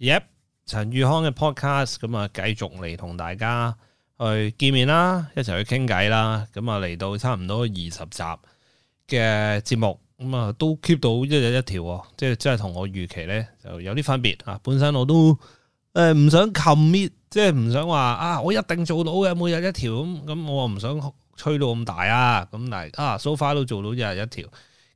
Yep，陳宇康嘅 podcast 咁啊，繼續嚟同大家去見面啦，一齊去傾偈啦。咁啊，嚟到差唔多二十集嘅節目，咁啊都 keep 到一日一條啊，即係即係同我預期咧就有啲分別啊。本身我都誒唔想 commit，即係唔想話啊，我一定做到嘅，每日一條咁咁，我唔想吹到咁大啊。咁但係啊，so far 都做到一日一條。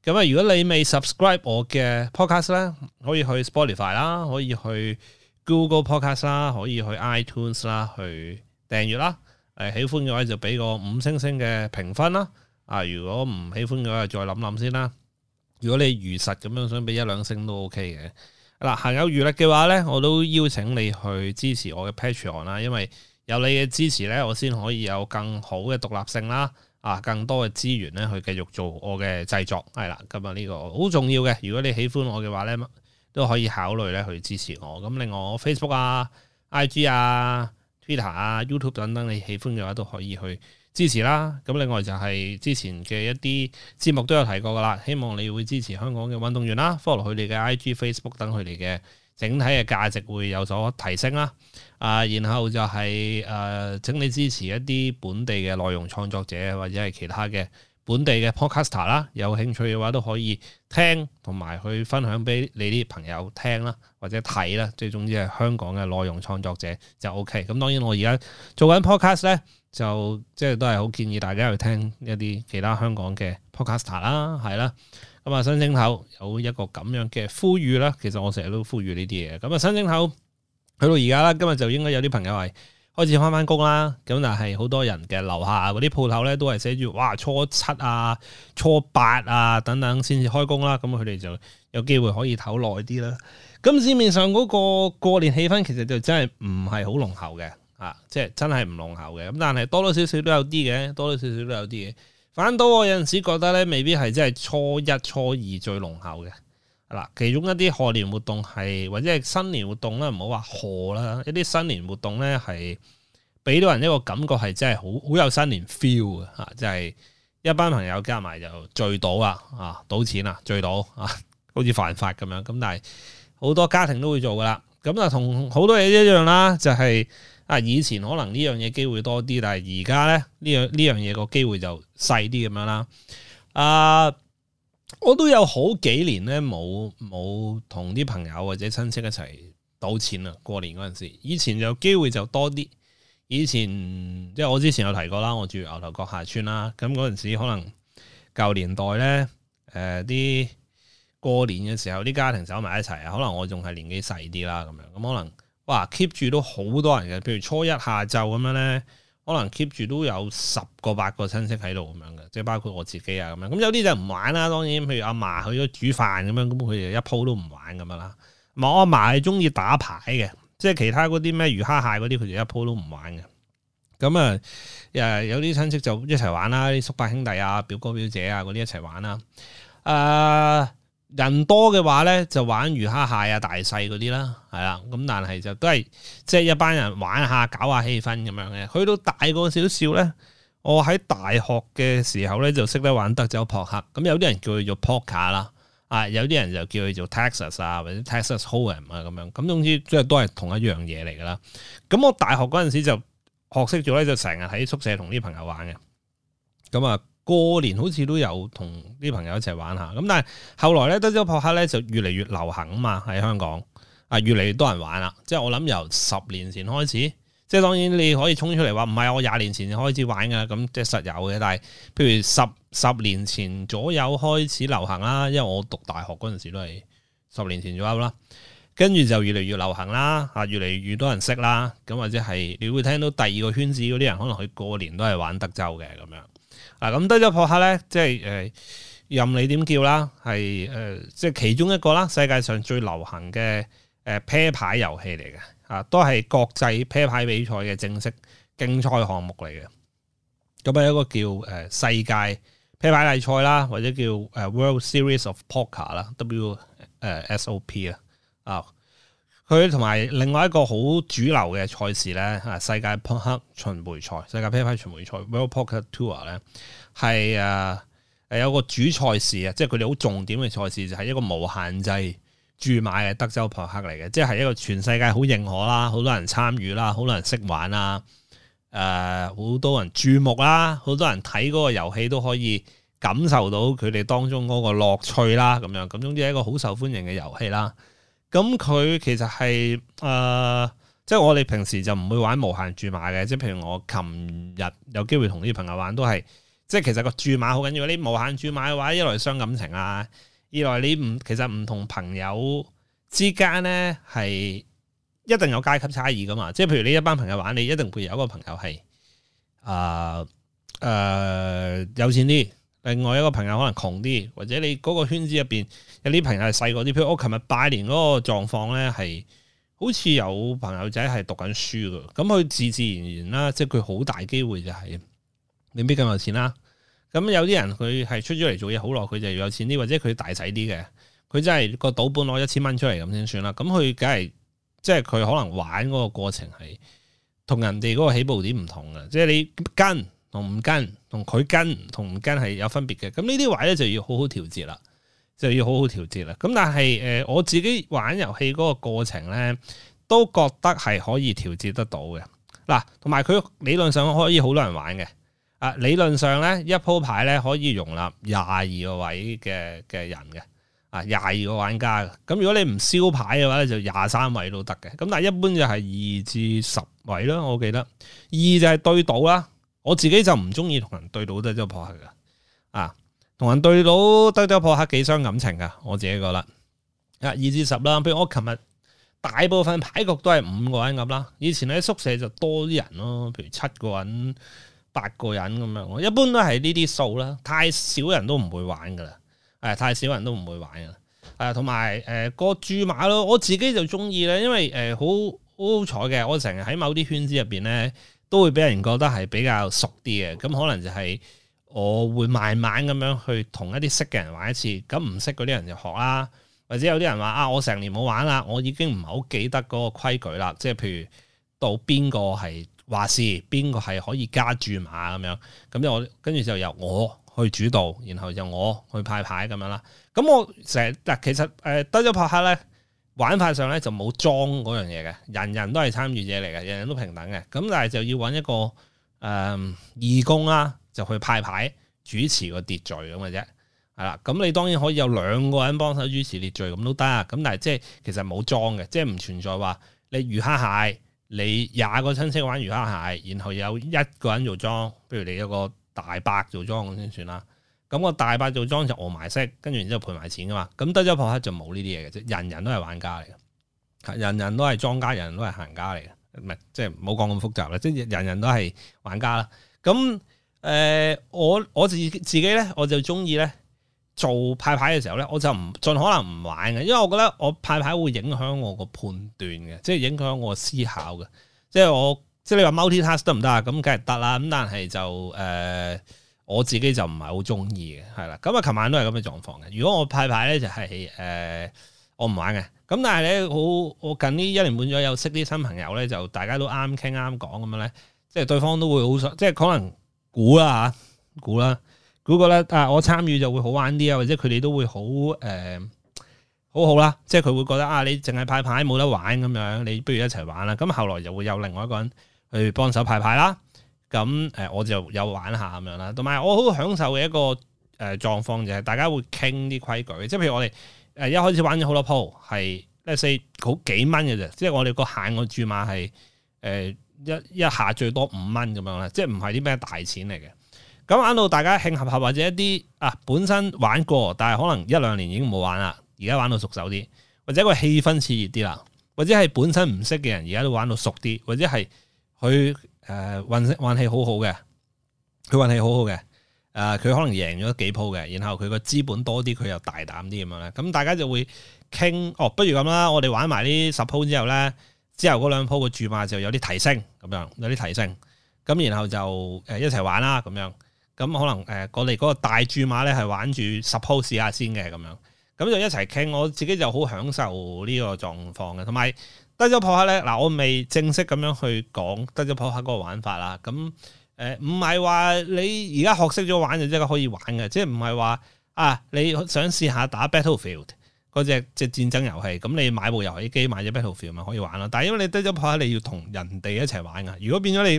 咁啊！如果你未 subscribe 我嘅 podcast 咧，可以去 Spotify 啦，可以去 Google Podcast 啦，可以去 iTunes 啦，去訂閱啦。誒，喜歡嘅話就俾個五星星嘅評分啦。啊，如果唔喜歡嘅話，再諗諗先啦。如果你如實咁樣想俾一兩星都 OK 嘅。嗱，行有餘力嘅話咧，我都邀請你去支持我嘅 Patreon 啦。因為有你嘅支持咧，我先可以有更好嘅獨立性啦。啊！更多嘅資源咧，去繼續做我嘅製作，係啦。咁啊，呢個好重要嘅。如果你喜歡我嘅話咧，都可以考慮咧去支持我。咁另外 Facebook 啊、IG 啊、Twitter 啊、YouTube 等等，你喜歡嘅話都可以去支持啦。咁另外就係之前嘅一啲節目都有提過㗎喇，希望你會支持香港嘅運動員啦，follow 佢哋嘅 IG、Facebook 等佢哋嘅。整體嘅價值會有所提升啦，啊，然後就係、是、誒、呃、請你支持一啲本地嘅內容創作者，或者係其他嘅本地嘅 podcaster 啦、啊，有興趣嘅話都可以聽同埋去分享俾你啲朋友聽啦，或者睇啦，最總之係香港嘅內容創作者就 OK。咁、嗯、當然我而家做緊 podcast 咧。就即係都係好建議大家去聽一啲其他香港嘅 podcast 啦、啊，係啦。咁、嗯、啊，新星頭有一個咁樣嘅呼籲啦。其實我成日都呼籲呢啲嘢。咁、嗯、啊，新星頭去到而家啦，今日就應該有啲朋友係開始翻翻工啦。咁但係好多人嘅樓下嗰啲鋪頭咧，都係寫住哇初七啊、初八啊等等，先至開工啦。咁佢哋就有機會可以唞耐啲啦。咁、嗯、市面上嗰個過年氣氛其實就真係唔係好濃厚嘅。啊，即係真係唔濃厚嘅，咁但係多多少少都有啲嘅，多多少少都有啲嘅。反倒我有陣時覺得咧，未必係真係初一、初二最濃厚嘅。嗱，啊，其中一啲賀年活動係或者係新年活動咧，唔好話賀啦，一啲新年活動咧係俾到人一個感覺係真係好好有新年 feel 嘅啊！即係一班朋友加埋就聚到啊，啊，賭錢啊，聚到啊，好似犯法咁樣。咁但係好多家庭都會做噶啦。咁啊，同好多嘢一樣啦，就係。啊！以前可能呢樣嘢機會多啲，但係而家咧呢樣呢樣嘢個機會就細啲咁樣啦。啊，我都有好幾年咧冇冇同啲朋友或者親戚一齊賭錢啦。過年嗰陣時，以前有機會就多啲。以前即係我之前有提過啦，我住牛頭角下村啦。咁嗰陣時可能舊年代呢誒啲、呃、過年嘅時候啲家庭走埋一齊啊。可能我仲係年紀細啲啦，咁樣咁可能。哇，keep 住都好多人嘅，譬如初一下晝咁樣咧，可能 keep 住都有十個八個親戚喺度咁樣嘅，即係包括我自己啊咁樣。咁有啲就唔玩啦，當然，譬如阿嫲去咗煮飯咁樣，咁佢哋一鋪都唔玩咁樣啦。我阿嫲係中意打牌嘅，即係其他嗰啲咩魚蝦蟹嗰啲，佢哋一鋪都唔玩嘅。咁啊，誒有啲親戚就一齊玩啦，啲叔伯兄弟啊、表哥表姐啊嗰啲一齊玩啦，啊、呃、～人多嘅話咧，就玩魚蝦蟹啊、大細嗰啲啦，係啦。咁但係就都係即係一班人玩下、搞下氣氛咁樣嘅。去到大個少少咧，我喺大學嘅時候咧就識得玩德州撲克。咁有啲人叫佢做 poker 啦，啊有啲人就叫佢做 Texas 啊或者 Texas Holdem 啊咁樣。咁總之即係都係同一樣嘢嚟噶啦。咁我大學嗰陣時就學識咗咧，就成日喺宿舍同啲朋友玩嘅。咁啊。過年好似都有同啲朋友一齊玩一下，咁但係後來咧德州撲克咧就越嚟越流行啊嘛，喺香港啊越嚟越多人玩啦。即係我諗由十年前開始，即係當然你可以衝出嚟話唔係我廿年前開始玩噶，咁即係實有嘅。但係譬如十十年前左右開始流行啦，因為我讀大學嗰陣時都係十年前左右啦，跟住就越嚟越流行啦，啊越嚟越多人識啦，咁或者係你會聽到第二個圈子嗰啲人可能佢過年都係玩德州嘅咁樣。嗱，咁德州撲克咧，即係誒、呃，任你點叫啦，係誒、呃，即係其中一個啦，世界上最流行嘅誒啤牌遊戲嚟嘅，啊，都係國際啤牌比賽嘅正式競賽項目嚟嘅。咁啊，一個叫誒、呃、世界啤牌大賽啦，或者叫誒、呃、World Series of Poker 啦，W 誒 SOP 啊，啊。佢同埋另外一個好主流嘅賽事咧，世界撲克巡迴賽、世界啤牌巡迴賽 （World Poker Tour） 咧，係誒誒有個主賽事啊，即係佢哋好重點嘅賽事，就係、是、一個無限制注買嘅德州撲克嚟嘅，即、就、係、是、一個全世界好認可啦，好多人參與啦，好多人識玩啦，誒、呃、好多人注目啦，好多人睇嗰個遊戲都可以感受到佢哋當中嗰個樂趣啦，咁樣咁總之係一個好受歡迎嘅遊戲啦。咁佢、嗯、其實係誒、呃，即係我哋平時就唔會玩無限注碼嘅。即係譬如我琴日有機會同啲朋友玩，都係即係其實個注碼好緊要。你無限注碼嘅話，一來傷感情啊，二來你唔其實唔同朋友之間呢係一定有階級差異㗎嘛。即係譬如你一班朋友玩，你一定會有一個朋友係誒誒有錢啲。另外一個朋友可能窮啲，或者你嗰個圈子入邊有啲朋友係細個啲。譬如我琴日拜年嗰個狀況咧，係好似有朋友仔係讀緊書噶，咁佢自自然然啦，即係佢好大機會就係未必咁有錢啦。咁有啲人佢係出咗嚟做嘢好耐，佢就要有錢啲，或者佢大使啲嘅，佢真係個賭本攞一千蚊出嚟咁先算啦。咁佢梗係即係佢可能玩嗰個過程係同人哋嗰個起步點唔同噶，即係你跟。同唔跟同佢跟同唔跟係有分別嘅。咁呢啲位咧就要好好調節啦，就要好好調節啦。咁但係誒我自己玩遊戲嗰個過程咧，都覺得係可以調節得到嘅嗱。同埋佢理論上可以好多人玩嘅啊。理論上咧一鋪牌咧可以容納廿二個位嘅嘅人嘅啊，廿二個玩家。咁如果你唔燒牌嘅話咧，就廿三位都得嘅。咁但係一般就係二至十位咯。我記得二就係對賭啦。我自己就唔中意同人對到低德州撲克噶，啊！同人對到低德州撲克幾傷感情噶，我自己覺得，啊，二至十啦，譬如我琴日大部分牌局都係五個人咁啦。以前喺宿舍就多啲人咯，譬如七個人、八個人咁樣。我一般都係呢啲數啦，太少人都唔會玩噶啦。誒，太少人都唔會玩嘅。誒、啊，同埋誒個注碼咯，我自己就中意咧，因為誒好好彩嘅，我成日喺某啲圈子入邊咧。都會俾人覺得係比較熟啲嘅，咁可能就係我會慢慢咁樣去同一啲識嘅人玩一次，咁唔識嗰啲人就學啦。或者有啲人話啊，我成年冇玩啦，我已經唔係好記得嗰個規矩啦。即係譬如到邊個係話事，邊個係可以加注碼咁樣，咁就跟住就由我去主導，然後就由我去派牌咁樣啦。咁我成日嗱其實誒、呃、得咗樸克咧。玩法上咧就冇莊嗰樣嘢嘅，人人都係參與者嚟嘅，人人都平等嘅。咁但係就要搵一個誒、呃、義工啦、啊，就去派牌主持個秩序咁嘅啫。係啦，咁、嗯、你當然可以有兩個人幫手主持秩序咁都得。咁但係即係其實冇莊嘅，即係唔存在話你魚蝦蟹，你廿個親戚玩魚蝦蟹，然後有一個人做莊，不如你一個大伯做莊咁先算啦。咁我大伯做莊就餓埋息，跟住然之後賠埋錢噶嘛。咁得咗撲克就冇呢啲嘢嘅啫。人人都係玩家嚟嘅，人人都係莊家，人人都係行家嚟嘅。唔係，即係唔好講咁複雜啦。即係人人都係玩家啦。咁誒、呃，我我自己自己咧，我就中意咧做派牌嘅時候咧，我就唔盡可能唔玩嘅，因為我覺得我派牌會影響我個判斷嘅，即係影響我思考嘅。即係我即係你話 multi task 得唔得啊？咁梗係得啦。咁但係就誒。呃我自己就唔係好中意嘅，係啦。咁啊，琴晚都係咁嘅狀況嘅。如果我派牌咧，就係、是、誒、呃、我唔玩嘅。咁但係咧，好我近呢一年半左右識啲新朋友咧，就大家都啱傾啱講咁樣咧，即係對方都會好想，即係可能估啦嚇，估啦估個咧啊，我參與就會好玩啲啊，或者佢哋都會、呃、好誒好好啦，即係佢會覺得啊，你淨係派牌冇得玩咁樣，你不如一齊玩啦。咁後來就會有另外一個人去幫手派牌啦。咁誒、嗯，我就有玩下咁樣啦。同埋，我好享受嘅一個誒、呃、狀況就係大家會傾啲規矩，即係譬如我哋誒、呃、一開始玩咗好多鋪，係 Let's say 好幾蚊嘅啫，即係我哋個限個注碼係誒、呃、一一下最多五蚊咁樣啦，即係唔係啲咩大錢嚟嘅。咁、嗯、玩到大家興合合，或者一啲啊本身玩過，但係可能一兩年已經冇玩啦，而家玩到熟手啲，或者個氣氛熾熱啲啦，或者係本身唔識嘅人而家都玩到熟啲，或者係去。誒，運運氣好好嘅，佢運氣好好嘅，誒，佢可能贏咗幾鋪嘅，然後佢個資本多啲，佢又大膽啲咁樣咧，咁大家就會傾，哦，不如咁啦，我哋玩埋呢十鋪之後咧，之後嗰兩鋪嘅注碼就有啲提升，咁樣有啲提升，咁然後就誒一齊玩啦，咁樣，咁可能誒我哋嗰個大注碼咧係玩住十鋪試下先嘅，咁樣，咁就一齊傾，我自己就好享受呢個狀況嘅，同埋。德州撲克咧，嗱，我未正式咁樣去講德州撲克嗰個玩法啦。咁誒，唔係話你而家學識咗玩就即刻可以玩嘅，即係唔係話啊你想試下打 Battlefield 嗰隻，即係戰爭遊戲，咁你買部遊戲機買咗 Battlefield 咪可以玩咯。但係因為你德州撲克你要同人哋一齊玩噶，如果變咗你，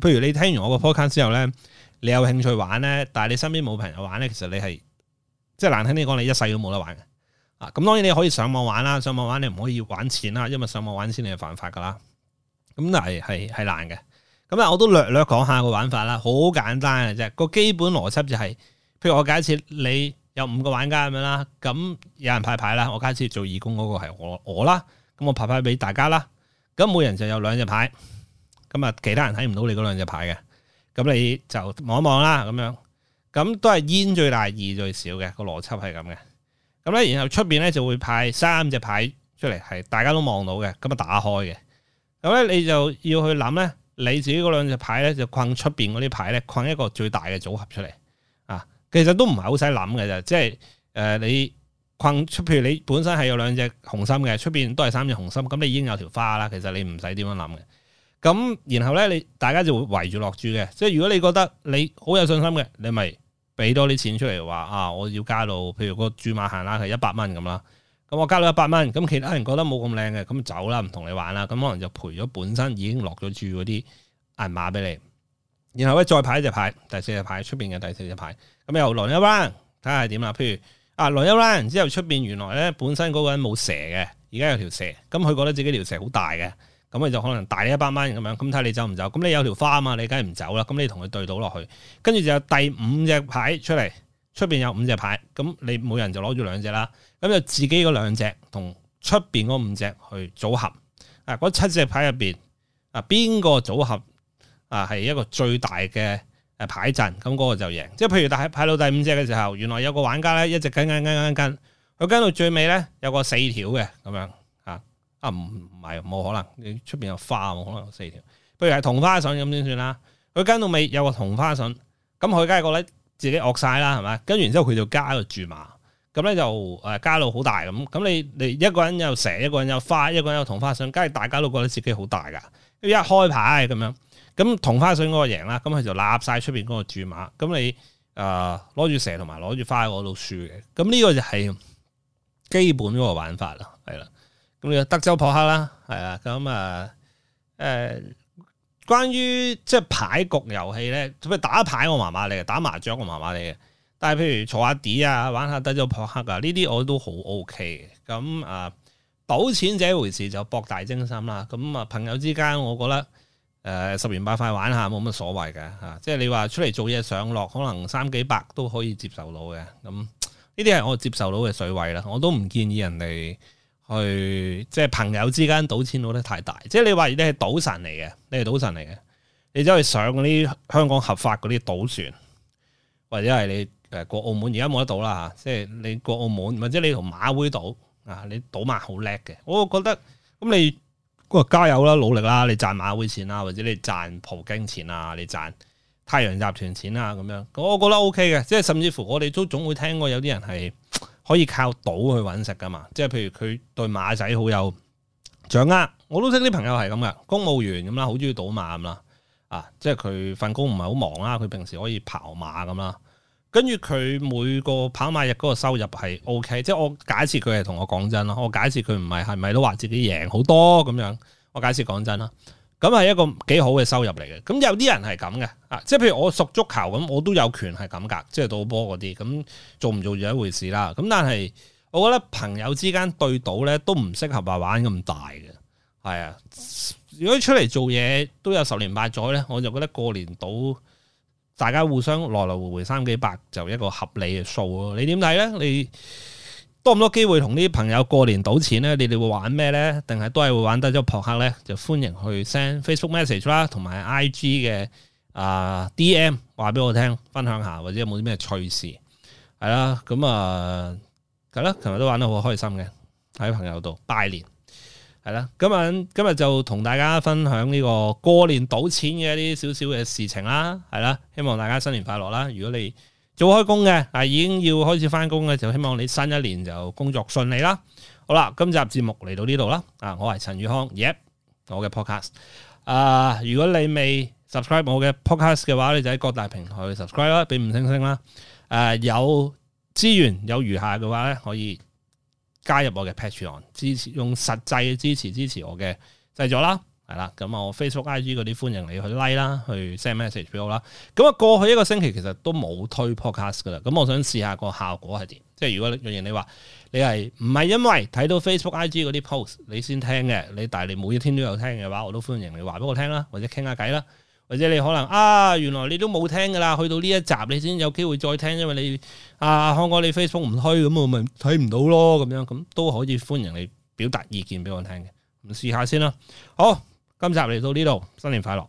譬如你聽完我個 podcast 之後咧，你有興趣玩咧，但係你身邊冇朋友玩咧，其實你係即係難聽啲講，你一世都冇得玩咁當然你可以上網玩啦，上網玩你唔可以玩錢啦，因為上網玩錢你係犯法噶啦。咁但係係係難嘅。咁咧，我都略略講下個玩法啦，好簡單嘅啫。個基本邏輯就係、是，譬如我假設你有五個玩家咁樣啦，咁有人派牌啦。我假設做義工嗰個係我我啦，咁我派牌俾大家啦。咁每人就有兩隻牌。咁啊，其他人睇唔到你嗰兩隻牌嘅。咁你就望一望啦，咁樣。咁都係煙最大最，二最少嘅個邏輯係咁嘅。咁咧，然後出邊咧就會派三隻牌出嚟，係大家都望到嘅，咁啊打開嘅。咁咧，你就要去諗咧，你自己嗰兩隻牌咧，就框出邊嗰啲牌咧，框一個最大嘅組合出嚟啊。其實都唔係好使諗嘅啫，即係誒、呃、你框出，譬如你本身係有兩隻紅心嘅，出邊都係三隻紅心，咁你已經有條花啦。其實你唔使點樣諗嘅。咁然後咧，你大家就會圍住落注嘅。即係如果你覺得你好有信心嘅，你咪，俾多啲錢出嚟話啊，我要加到，譬如個注碼行啦，係一百蚊咁啦。咁我加到一百蚊，咁其他人覺得冇咁靚嘅，咁走啦，唔同你玩啦。咁可能就賠咗本身已經落咗注嗰啲銀碼俾你。然後咧再排一隻牌，第四隻牌出面嘅第四隻牌，咁又來一 round，睇下點啦。譬如啊，來一 round 之後出面原來咧本身嗰個人冇蛇嘅，而家有條蛇，咁佢覺得自己條蛇好大嘅。咁你就可能大你一百蚊咁樣，咁睇你走唔走？咁你有條花啊嘛，你梗係唔走啦。咁你同佢對到落去，跟住就有第五隻牌出嚟，出邊有五隻牌，咁你每人就攞住兩隻啦。咁就自己嗰兩隻同出邊嗰五隻去組合啊，嗰七隻牌入邊啊，邊個組合啊係一個最大嘅誒牌陣，咁嗰個就贏。即係譬如排到第五隻嘅時候，原來有個玩家咧一直跟跟跟跟跟，跟，佢跟到最尾咧有個四條嘅咁樣。啊，唔唔係，冇可能。你出邊有花，冇可能有四條。不如係同花順咁先算啦。佢跟到尾有個同花順，咁佢梗係覺得自己惡晒啦，係咪？跟完之後佢就加個注碼，咁咧就誒加到好大咁。咁你你一個人有蛇，一個人有花，一個人有同花順，梗係大家都覺得自己好大噶。一開牌咁樣，咁同花順嗰個贏啦，咁佢就立晒出邊嗰個注碼。咁你誒攞住蛇同埋攞住花喺嗰度輸嘅。咁呢個就係基本嗰個玩法啦，係啦。咁德州撲克啦，係啊。咁啊，誒、呃，關於即係牌局遊戲咧，做咩打牌我麻麻哋嘅，打麻將我麻麻哋嘅，但係譬如坐下碟啊，玩下德州撲克啊，呢啲我都好 OK 嘅。咁啊，賭錢呢回事就博大精深啦。咁啊，朋友之間，我覺得誒、呃、十元八塊玩下冇乜所謂嘅吓。即係你話出嚟做嘢上落，可能三幾百都可以接受到嘅。咁呢啲係我接受到嘅水位啦。我都唔建議人哋。去即係朋友之間賭錢賭得太大，即係你話你係賭神嚟嘅，你係賭神嚟嘅，你走去上嗰啲香港合法嗰啲賭船，或者係你誒過澳門，而家冇得賭啦吓，即係你過澳門或者你同馬會賭啊，你賭馬好叻嘅，我覺得咁你，哇，加油啦，努力啦，你賺馬會錢啦，或者你賺葡京錢啊，你賺太陽集團錢啊，咁樣，我覺得 OK 嘅，即係甚至乎我哋都總會聽過有啲人係。可以靠賭去揾食㗎嘛？即係譬如佢對馬仔好有掌握，我都識啲朋友係咁嘅，公務員咁啦，好鍾意賭馬咁啦，啊！即係佢份工唔係好忙啦，佢平時可以跑馬咁啦，跟住佢每個跑馬日嗰個收入係 OK，即係我假設佢係同我講真咯，我假設佢唔係，係咪都話自己贏好多咁樣？我假設講真啦。咁係一個幾好嘅收入嚟嘅，咁有啲人係咁嘅，啊，即係譬如我熟足球咁，我都有權係咁噶，即係賭波嗰啲，咁做唔做就一回事啦。咁但係我覺得朋友之間對賭咧，都唔適合話玩咁大嘅，係啊。如果出嚟做嘢都有十年八載咧，我就覺得過年賭大家互相來來回回三幾百就一個合理嘅數咯。你點睇咧？你？多唔多機會同啲朋友過年賭錢咧？你哋會玩咩呢？定係都係會玩得咗撲克呢，就歡迎去 send Facebook message 啦，同埋 IG 嘅啊、呃、DM 話俾我聽，分享下或者有冇啲咩趣事係、嗯嗯、啦。咁啊係啦，琴日都玩得好開心嘅，喺朋友度拜年係啦。今日今日就同大家分享呢個過年賭錢嘅一啲少少嘅事情啦。係啦，希望大家新年快樂啦！如果你早開工嘅，啊，已經要開始翻工嘅就希望你新一年就工作順利啦。好啦，今集節目嚟到呢度啦，啊，我係陳宇康，Yep 我嘅 podcast，啊，如果你未 subscribe 我嘅 podcast 嘅話，你就喺各大平台去 subscribe 啦，俾五星星啦，誒、啊，有資源有餘下嘅話咧，可以加入我嘅 Patreon 支持，用實際嘅支持支持我嘅製作啦。係啦，咁我 Facebook IG 嗰啲歡迎你去 like 啦，去 send message 俾我啦。咁啊，過去一個星期其實都冇推 podcast 噶啦。咁我想試下個效果係點。即係如果若然你話你係唔係因為睇到 Facebook IG 嗰啲 post 你先聽嘅，你但係你每一天都有聽嘅話，我都歡迎你話俾我聽啦，或者傾下偈啦，或者你可能啊原來你都冇聽噶啦，去到呢一集你先有機會再聽，因為你啊你我看我你 Facebook 唔推咁我咪睇唔到咯咁樣，咁都可以歡迎你表達意見俾我聽嘅，咁試下先啦，好。今集嚟到呢度，新年快樂！